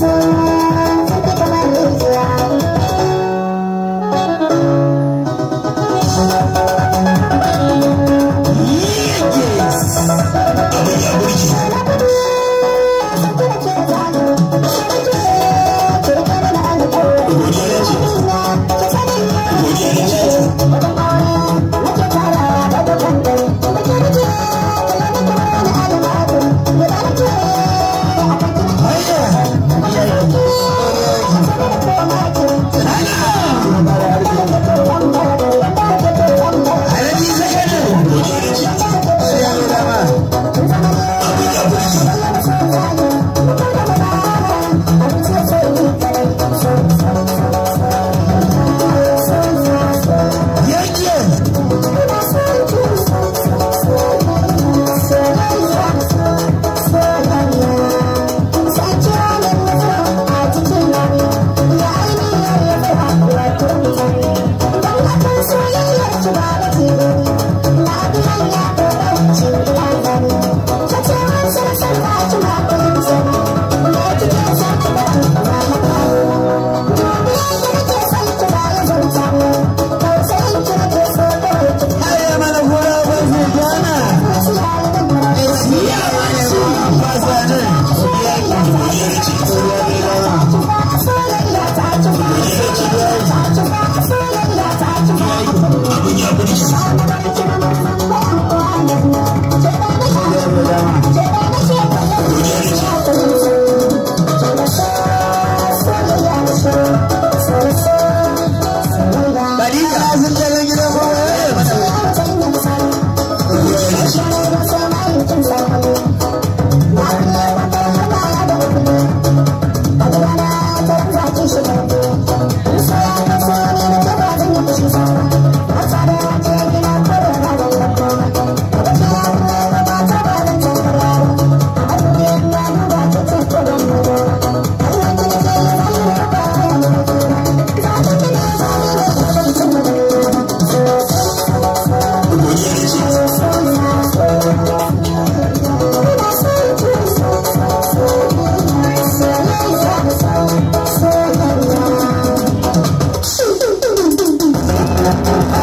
sun. Thank you.